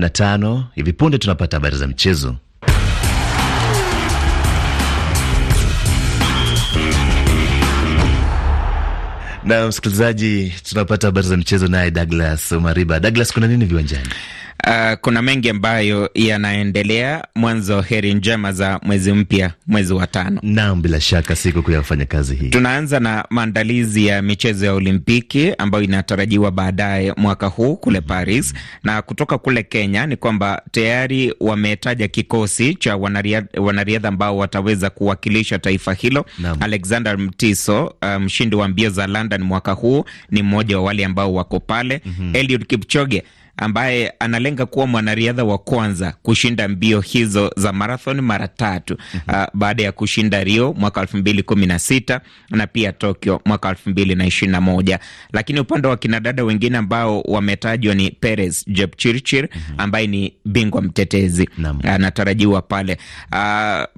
na tano. Hivi punde tunapata habari za mchezo Na msikilizaji, tunapata habari za michezo naye Douglas Omariba. Douglas, kuna nini viwanjani? Uh, kuna mengi ambayo yanaendelea. Mwanzo heri njema za mwezi mpya, mwezi wa tano. Naam, bila shaka siku kuu ya hii, tunaanza na maandalizi ya michezo ya Olimpiki ambayo inatarajiwa baadaye mwaka huu kule Paris. mm -hmm. Na kutoka kule Kenya ni kwamba tayari wametaja kikosi cha wanariadha ambao wataweza kuwakilisha taifa hilo. Naam. Alexander Mtiso um, mshindi um, wa mbio za London mwaka huu ni mmoja wa wale ambao wako pale. mm -hmm. Eliud Kipchoge ambaye analenga kuwa mwanariadha wa kwanza kushinda mbio hizo za marathon mara tatu mm -hmm. uh, baada ya kushinda Rio mwaka elfu mbili kumi na sita na pia Tokyo mwaka elfu mbili na ishirini na moja. Lakini upande wa kinadada wengine ambao wametajwa ni Peres Jepchirchir mm -hmm. ambaye ni bingwa mtetezi anatarajiwa uh, pale uh,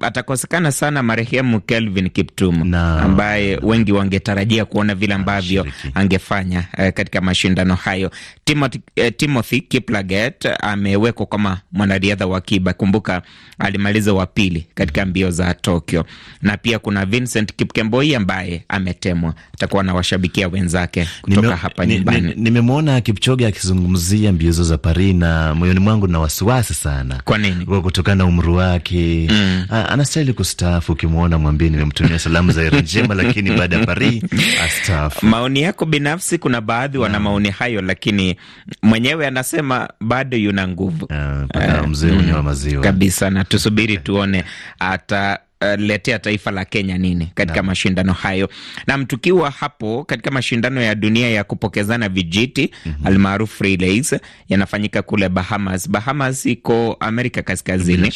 atakosekana sana marehemu Kelvin Kiptum ambaye wengi wangetarajia kuona vile ambavyo angefanya uh, katika mashindano hayo Timothy, uh, Timothy Timothy Kiplaget amewekwa kama mwanariadha wa akiba. Kumbuka alimaliza wa pili katika mbio za Tokyo, na pia kuna Vincent Kipkemboi ambaye ametemwa, atakuwa na washabikia wenzake kutoka nime, hapa nyumbani. Nimemwona nime Kipchoge akizungumzia mbio hizo za Paris, na moyoni mwangu na wasiwasi sana. Kwa nini? Kwa kutokana na umri wake mm. anastahili kustaafu. Ukimwona mwambie nimemtumia salamu za heri njema, lakini baada ya Paris astaafu. Maoni yako binafsi, kuna baadhi wana maoni hayo, lakini mwenyewe ana anasema bado yuna nguvu ah, eh, mm, kabisa, na tusubiri tuone ata Uh, letea taifa la Kenya nini katika na mashindano hayo. Nam, tukiwa hapo katika mashindano ya dunia ya kupokezana vijiti mm -hmm. almaarufu relays yanafanyika kule Bahamas. Bahamas iko Amerika Kaskazini,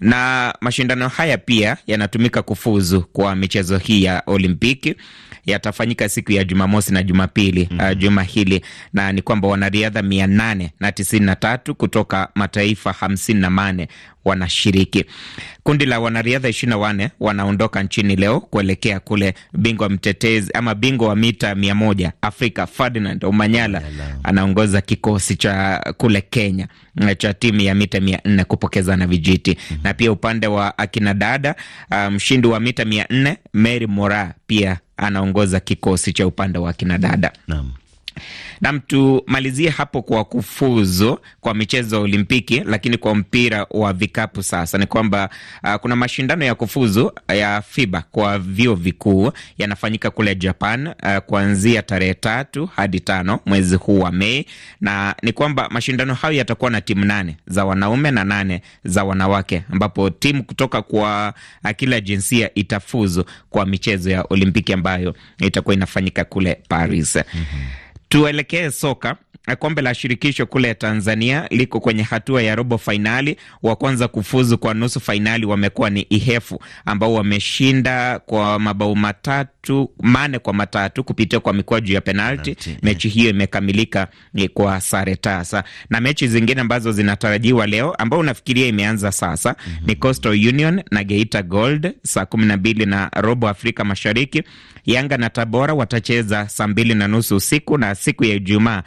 na mashindano haya pia yanatumika kufuzu kwa michezo hii ya Olimpiki yatafanyika siku ya Jumamosi na Jumapili mm -hmm. uh, juma hili na ni kwamba wanariadha mia nane na tisini na tatu kutoka mataifa hamsini na mane wanashiriki. Kundi la wanariadha ishirini na wanne wanaondoka nchini leo kuelekea kule bingwa mtetezi ama bingwa wa mita mia moja Afrika Ferdinand Omanyala anaongoza kikosi cha kule Kenya eh, cha timu ya mita mia nne kupokeza na vijiti mm -hmm. na pia upande wa akina dada um, mshindi um, wa mita mia nne Mary Mora pia anaongoza kikosi cha upande wa kinadada. Naam. Nam, tumalizie hapo kwa kufuzu kwa michezo ya Olimpiki, lakini kwa mpira wa vikapu sasa ni kwamba uh, kuna mashindano ya kufuzu uh, ya FIBA kwa vyuo vikuu yanafanyika kule Japan uh, kuanzia tarehe tatu hadi tano mwezi huu wa Mei, na ni kwamba mashindano hayo yatakuwa na timu nane za wanaume na nane za wanawake, ambapo timu kutoka kwa uh, kila jinsia itafuzu kwa michezo ya Olimpiki ambayo itakuwa inafanyika kule Paris. mm -hmm. Tuelekee soka kombe la shirikisho kule Tanzania liko kwenye hatua ya robo fainali. Wa kwanza kufuzu kwa nusu fainali wamekuwa ni Ihefu ambao wameshinda kwa mabao matatu mane kwa matatu kupitia kwa mikwaju ya penalti. Eh. Mechi hiyo imekamilika kwa sare tasa, na mechi zingine ambazo zinatarajiwa leo ambao unafikiria imeanza sasa mm -hmm. ni Coastal Union na Geita Gold saa kumi na mbili na robo Afrika Mashariki. Yanga na Tabora watacheza saa mbili na nusu usiku na siku ya Ijumaa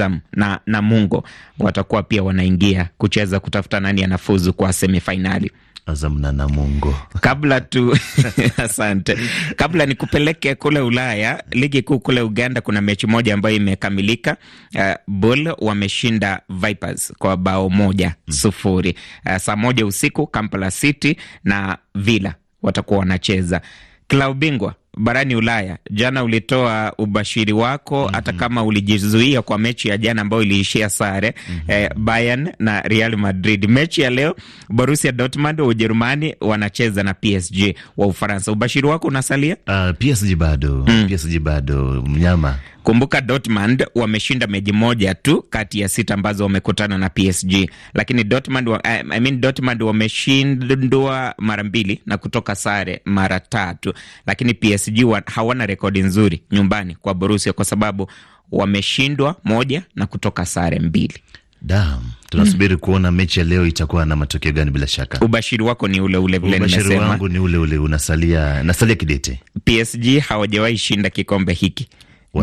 Azam na Namungo watakuwa pia wanaingia kucheza kutafuta nani anafuzu kwa semifainali. Azam na Namungo. Kabla tu asante. Kabla nikupeleke kule Ulaya, ligi kuu kule Uganda kuna mechi moja ambayo imekamilika. Uh, Bull wameshinda Vipers kwa bao moja mm, sufuri. Uh, saa moja usiku Kampala City na Villa watakuwa wanacheza. Klabu bingwa barani Ulaya jana ulitoa ubashiri wako mm -hmm. Hata kama ulijizuia kwa mechi ya jana ambayo iliishia sare mm -hmm. eh, Bayern na Real Madrid. Mechi ya leo Borussia Dortmund wa Ujerumani wanacheza na PSG wa Ufaransa. Ubashiri wako unasalia uh, ah, PSG bado mm. PSG bado mnyama. Kumbuka Dortmund wameshinda mechi moja tu kati ya sita ambazo wamekutana na PSG, lakini Dortmund wa, eh, I mean Dortmund wameshindwa mara mbili na kutoka sare mara tatu, lakini PSG PSG hawana rekodi nzuri nyumbani kwa borusia kwa sababu wameshindwa moja na kutoka sare mbili. Dam, tunasubiri mm, kuona mechi ya leo itakuwa na matokeo gani. Bila shaka ubashiri wako ni ule ule, vile nimesema ubashiri wangu ni ule ule, unasalia nasalia kidete. PSG hawajawahi shinda kikombe hiki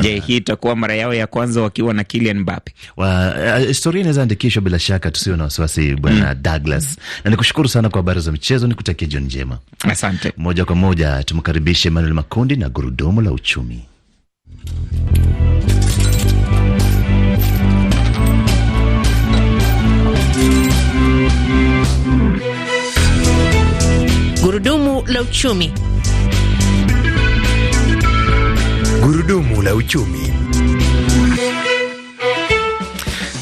Je, hii itakuwa mara yao ya kwanza wakiwa na Kylian Mbappe. Eh, historia inaweza andikishwa bila shaka, tusiwe na wasiwasi bwana mm. Douglas, na nikushukuru sana kwa habari za michezo, nikutakia jioni njema. Asante. Moja kwa moja tumkaribishe Emmanuel Makundi na gurudumu la uchumi. Gurudumu la uchumi gurudumu la uchumi.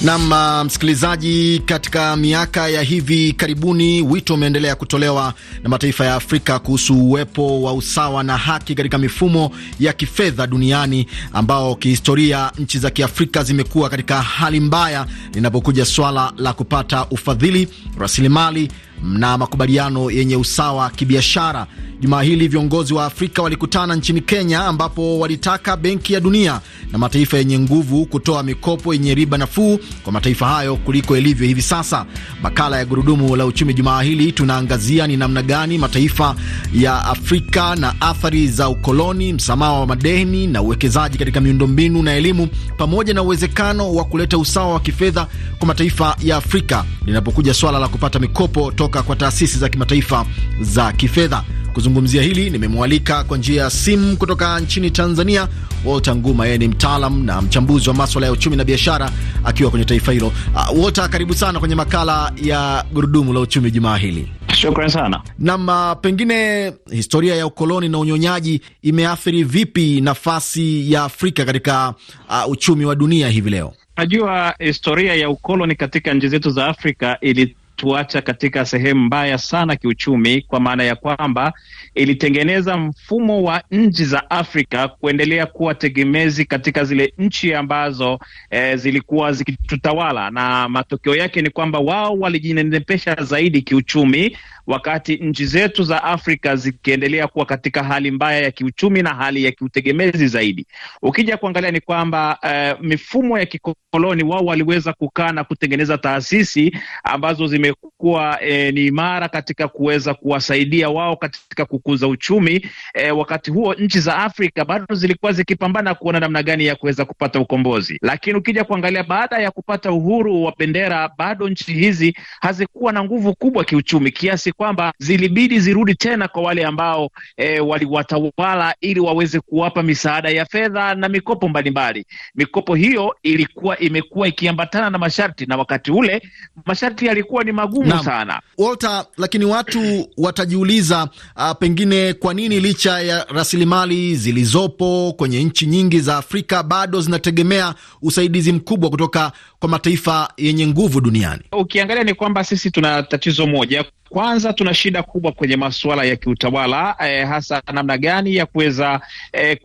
Nam uh, msikilizaji, katika miaka ya hivi karibuni wito umeendelea kutolewa na mataifa ya Afrika kuhusu uwepo wa usawa na haki katika mifumo ya kifedha duniani, ambao kihistoria nchi za Kiafrika zimekuwa katika hali mbaya linapokuja swala la kupata ufadhili, rasilimali na makubaliano yenye usawa kibiashara. Jumaa hili viongozi wa Afrika walikutana nchini Kenya, ambapo walitaka Benki ya Dunia na mataifa yenye nguvu kutoa mikopo yenye riba nafuu kwa mataifa hayo kuliko ilivyo hivi sasa. Makala ya Gurudumu la Uchumi jumaa hili tunaangazia ni namna gani mataifa ya Afrika na athari za ukoloni, msamaha wa madeni na uwekezaji katika miundombinu na elimu, pamoja na uwezekano wa kuleta usawa wa kifedha kwa mataifa ya Afrika linapokuja swala la kupata mikopo to kutoka kwa taasisi za kimataifa za kifedha. Kuzungumzia hili nimemwalika kwa njia ya simu kutoka nchini Tanzania, Walter Nguma. Yeye ni mtaalam na mchambuzi wa maswala ya uchumi na biashara akiwa kwenye taifa hilo. Uh, Walter, karibu sana kwenye makala ya gurudumu la uchumi jumaa hili. Shukran sana. Nam, ah, pengine historia ya ukoloni na unyonyaji imeathiri vipi nafasi ya Afrika katika uh, uchumi wa dunia hivi leo? Najua historia ya ukoloni katika nchi zetu za Afrika ili kutuacha katika sehemu mbaya sana kiuchumi, kwa maana ya kwamba ilitengeneza mfumo wa nchi za Afrika kuendelea kuwa tegemezi katika zile nchi ambazo eh, zilikuwa zikitutawala, na matokeo yake ni kwamba wao walijinenepesha zaidi kiuchumi, wakati nchi zetu za Afrika zikiendelea kuwa katika hali mbaya ya kiuchumi na hali ya kiutegemezi zaidi. Ukija kuangalia ni kwamba eh, mifumo ya kikoloni wao waliweza kukaa na kutengeneza taasisi ambazo zimekuwa eh, ni imara katika kuweza kuwasaidia wao katika kukuza uchumi e, wakati huo nchi za Afrika bado zilikuwa zikipambana kuona namna gani ya kuweza kupata ukombozi, lakini ukija kuangalia baada ya kupata uhuru wa bendera bado nchi hizi hazikuwa na nguvu kubwa kiuchumi, kiasi kwamba zilibidi zirudi tena kwa wale ambao e, waliwatawala ili waweze kuwapa misaada ya fedha na mikopo mbalimbali. Mikopo hiyo ilikuwa imekuwa ikiambatana na masharti, na wakati ule masharti yalikuwa ni magumu na sana Walter, lakini watu watajiuliza uh, nyingine, kwa nini licha ya rasilimali zilizopo kwenye nchi nyingi za Afrika bado zinategemea usaidizi mkubwa kutoka kwa mataifa yenye nguvu duniani? Ukiangalia ni kwamba sisi tuna tatizo moja kwanza tuna shida kubwa kwenye masuala ya kiutawala eh, hasa namna gani ya kuweza eh,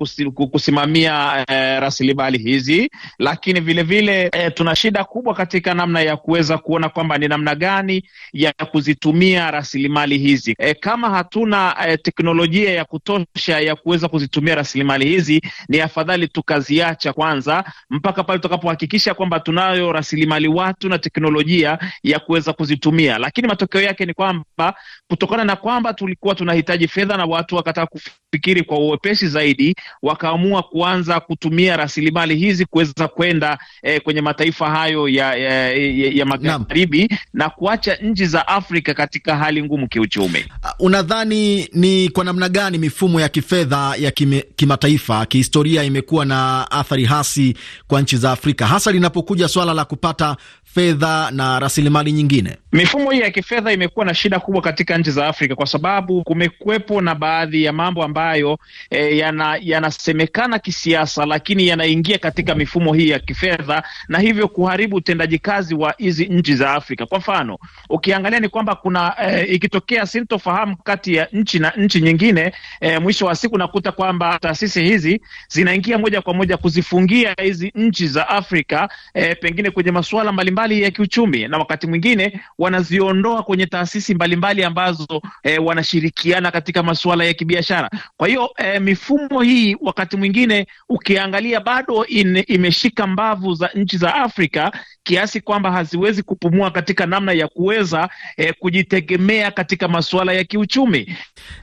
kusimamia eh, rasilimali hizi, lakini vilevile vile, eh, tuna shida kubwa katika namna ya kuweza kuona kwamba ni namna gani ya kuzitumia rasilimali hizi eh, kama hatuna eh, teknolojia ya kutosha ya kuweza kuzitumia rasilimali hizi, ni afadhali tukaziacha kwanza mpaka pale tutakapohakikisha kwamba tunayo rasilimali watu na teknolojia ya kuweza kuzitumia, lakini matokeo yake ni kwamba kwamba kutokana na kwamba tulikuwa tunahitaji fedha na watu wakataka kufikiri kwa uwepesi zaidi, wakaamua kuanza kutumia rasilimali hizi kuweza kwenda eh, kwenye mataifa hayo ya, ya, ya, ya magharibi na, kuacha nchi za Afrika katika hali ngumu kiuchumi. Uh, unadhani ni kwa namna gani mifumo ya kifedha ya kimataifa kihistoria imekuwa na athari hasi kwa nchi za Afrika hasa linapokuja swala la kupata fedha na rasilimali nyingine? Mifumo hii ya kifedha imekuwa na shida kubwa katika nchi za Afrika kwa sababu kumekuwepo na baadhi ya mambo ambayo e, yanasemekana yana kisiasa, lakini yanaingia katika mifumo hii ya kifedha na hivyo kuharibu utendaji kazi wa hizi nchi za Afrika. Kwa mfano, ukiangalia ni kwamba kuna e, ikitokea sintofahamu kati ya nchi na nchi nyingine e, mwisho wa siku nakuta kwamba taasisi hizi zinaingia moja kwa moja kuzifungia hizi nchi za Afrika e, pengine kwenye masuala mbalimbali ya kiuchumi na wakati mwingine wanaziondoa kwenye taasisi taasisi mbalimbali ambazo eh, wanashirikiana katika masuala ya kibiashara. Kwa hiyo eh, mifumo hii wakati mwingine ukiangalia bado in, imeshika mbavu za nchi za Afrika kiasi kwamba haziwezi kupumua katika namna ya kuweza eh, kujitegemea katika masuala ya kiuchumi.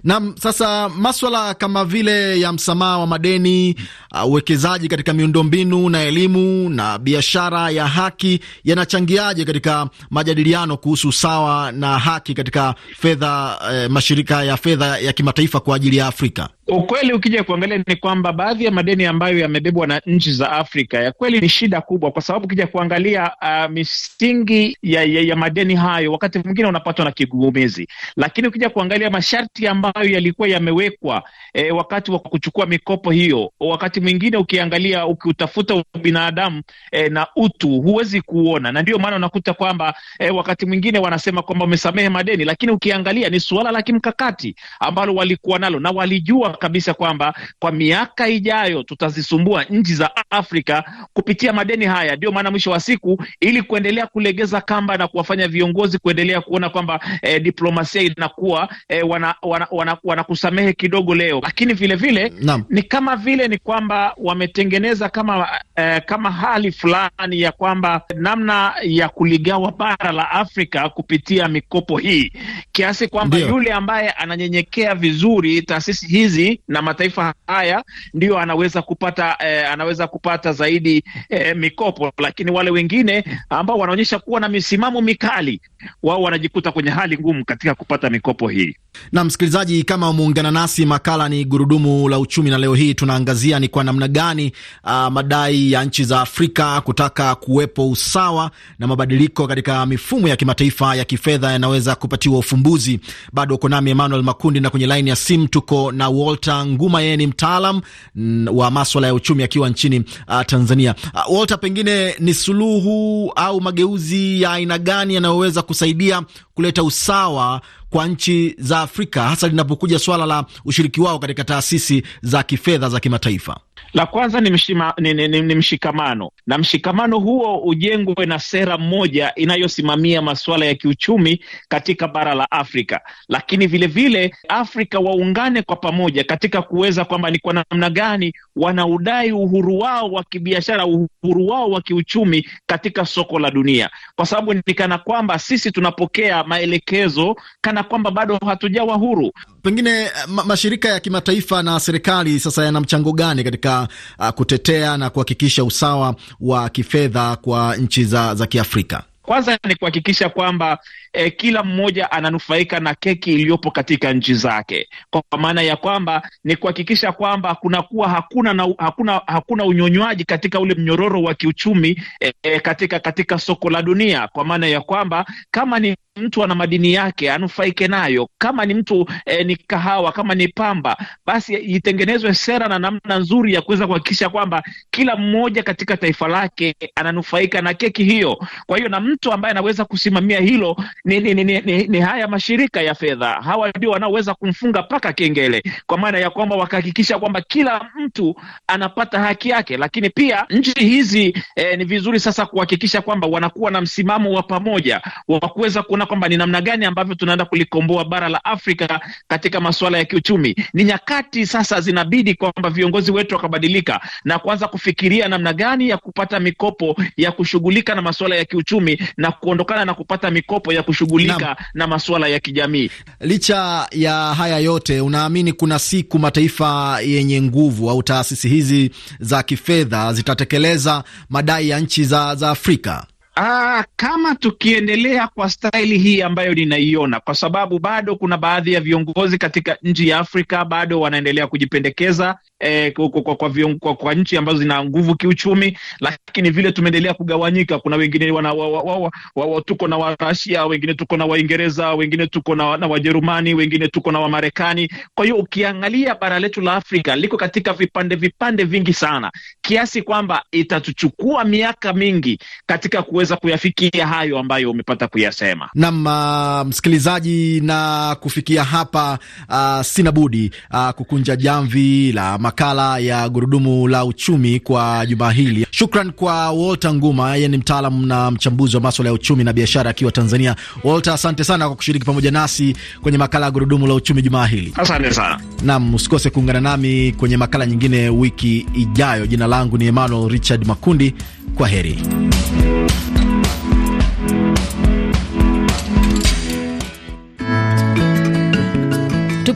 Nam, sasa maswala kama vile ya msamaha wa madeni, uh, uwekezaji uh, katika miundombinu na elimu na biashara ya haki yanachangiaje katika majadiliano kuhusu usawa na haki katika fedha eh, mashirika ya fedha ya kimataifa kwa ajili ya Afrika? Ukweli ukija kuangalia ni kwamba baadhi ya madeni ambayo yamebebwa na nchi za Afrika ya kweli ni shida kubwa, kwa sababu ukija kuangalia uh, misingi ya, ya, ya madeni hayo wakati mwingine unapatwa na kigugumizi, lakini ukija kuangalia masharti ambayo yalikuwa yamewekwa e, wakati wa kuchukua mikopo hiyo. Wakati mwingine ukiangalia, ukiutafuta ubinadamu e, na utu huwezi kuona, na ndio maana unakuta kwamba e, wakati mwingine wanasema kwamba wamesamehe madeni, lakini ukiangalia ni suala la kimkakati ambalo walikuwa nalo na walijua kabisa kwamba kwa miaka ijayo tutazisumbua nchi za Afrika kupitia madeni haya. Ndio maana mwisho wa siku, ili kuendelea kulegeza kamba na kuwafanya viongozi kuendelea kuona kwamba e, diplomasia inakuwa e, wana, wana wanakusamehe wana, wana kidogo leo, lakini vilevile vile, ni kama vile ni kwamba wametengeneza kama eh, kama hali fulani ya kwamba namna ya kuligawa bara la Afrika kupitia mikopo hii kiasi kwamba yule ambaye ananyenyekea vizuri taasisi hizi na mataifa haya ndiyo anaweza kupata eh, anaweza kupata zaidi eh, mikopo, lakini wale wengine ambao wanaonyesha kuwa na misimamo mikali wao wanajikuta kwenye hali ngumu katika kupata mikopo hii na Msikilizaji, kama umeungana nasi, makala ni gurudumu la uchumi, na leo hii tunaangazia ni kwa namna gani uh, madai ya nchi za Afrika kutaka kuwepo usawa na mabadiliko katika mifumo ya kimataifa ya kifedha yanaweza kupatiwa ufumbuzi. Bado uko nami Emmanuel Makundi, na kwenye laini ya simu tuko na Walter Nguma, yeye ni mtaalam mm, wa maswala ya uchumi akiwa nchini uh, Tanzania. Uh, Walter, pengine ni suluhu au mageuzi ya aina gani yanayoweza kusaidia kuleta usawa kwa nchi za Afrika, hasa linapokuja swala la ushiriki wao katika taasisi za kifedha za kimataifa? La kwanza ni, mshima, ni, ni, ni, ni mshikamano, na mshikamano huo ujengwe na sera moja inayosimamia masuala ya kiuchumi katika bara la Afrika, lakini vilevile vile, Afrika waungane kwa pamoja katika kuweza kwamba ni kwa namna gani wanaudai uhuru wao wa kibiashara, uhuru wao wa kiuchumi katika soko la dunia, kwa sababu ni kana kwamba sisi tunapokea maelekezo kana kwamba bado hatujawa huru. Pengine eh, ma mashirika ya kimataifa na serikali sasa yana mchango gani katika uh, kutetea na kuhakikisha usawa wa kifedha kwa nchi za, za Kiafrika? Kwanza ni kuhakikisha kwamba e, kila mmoja ananufaika na keki iliyopo katika nchi zake, kwa maana ya kwamba ni kuhakikisha kwamba kunakuwa hakuna na, hakuna hakuna unyonywaji katika ule mnyororo wa kiuchumi e, e, katika katika soko la dunia, kwa maana ya kwamba kama ni mtu ana madini yake anufaike nayo. Kama ni mtu eh, ni kahawa, kama ni pamba, basi itengenezwe sera na namna nzuri ya kuweza kuhakikisha kwamba kila mmoja katika taifa lake ananufaika na keki hiyo. Kwa hiyo na mtu ambaye anaweza kusimamia hilo ni, ni, ni, ni, ni haya mashirika ya fedha. Hawa ndio wanaoweza kumfunga paka kengele, kwa maana ya kwamba wakahakikisha kwamba kila mtu anapata haki yake. Lakini pia nchi hizi eh, ni vizuri sasa kuhakikisha kwamba wanakuwa na msimamo wa pamoja wa kuweza kuona kwamba ni namna gani ambavyo tunaenda kulikomboa bara la Afrika katika masuala ya kiuchumi. Ni nyakati sasa zinabidi kwamba viongozi wetu wakabadilika na kuanza kufikiria namna gani ya kupata mikopo ya kushughulika na masuala ya kiuchumi na kuondokana na kupata mikopo ya kushughulika na, na masuala ya kijamii. Licha ya haya yote, unaamini kuna siku mataifa yenye nguvu au taasisi hizi za kifedha zitatekeleza madai ya nchi za, za Afrika? Aa, ah, kama tukiendelea kwa staili hii ambayo ninaiona, kwa sababu bado kuna baadhi ya viongozi katika nchi ya Afrika bado wanaendelea kujipendekeza eh, kwa, kwa, kwa, kwa, kwa nchi ambazo zina nguvu kiuchumi, lakini vile tumeendelea kugawanyika. Kuna wengine wana, wa, wa, wa, wa, wa, tuko na Warasia, wengine tuko na Waingereza, wengine tuko na, na Wajerumani, wengine tuko na Wamarekani. Kwa hiyo ukiangalia bara letu la Afrika liko katika vipande vipande vingi sana, kiasi kwamba itatuchukua miaka mingi katika kuweza kuweza kuyafikia hayo ambayo umepata kuyasema. Naam, uh, msikilizaji, na kufikia hapa uh, sina budi uh, kukunja jamvi la makala ya gurudumu la uchumi kwa jumaa hili. Shukran kwa Walter Nguma, yeye ni mtaalam na mchambuzi wa maswala ya uchumi na biashara akiwa Tanzania. Walter, asante sana kwa kushiriki pamoja nasi kwenye makala ya gurudumu la uchumi jumaa hili. Asante sana. Naam, usikose kuungana nami kwenye makala nyingine wiki ijayo. Jina langu ni Emmanuel Richard Makundi. Kwa heri.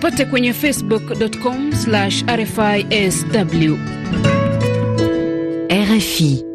Tupate kwenye facebook.com/rfisw. RFI.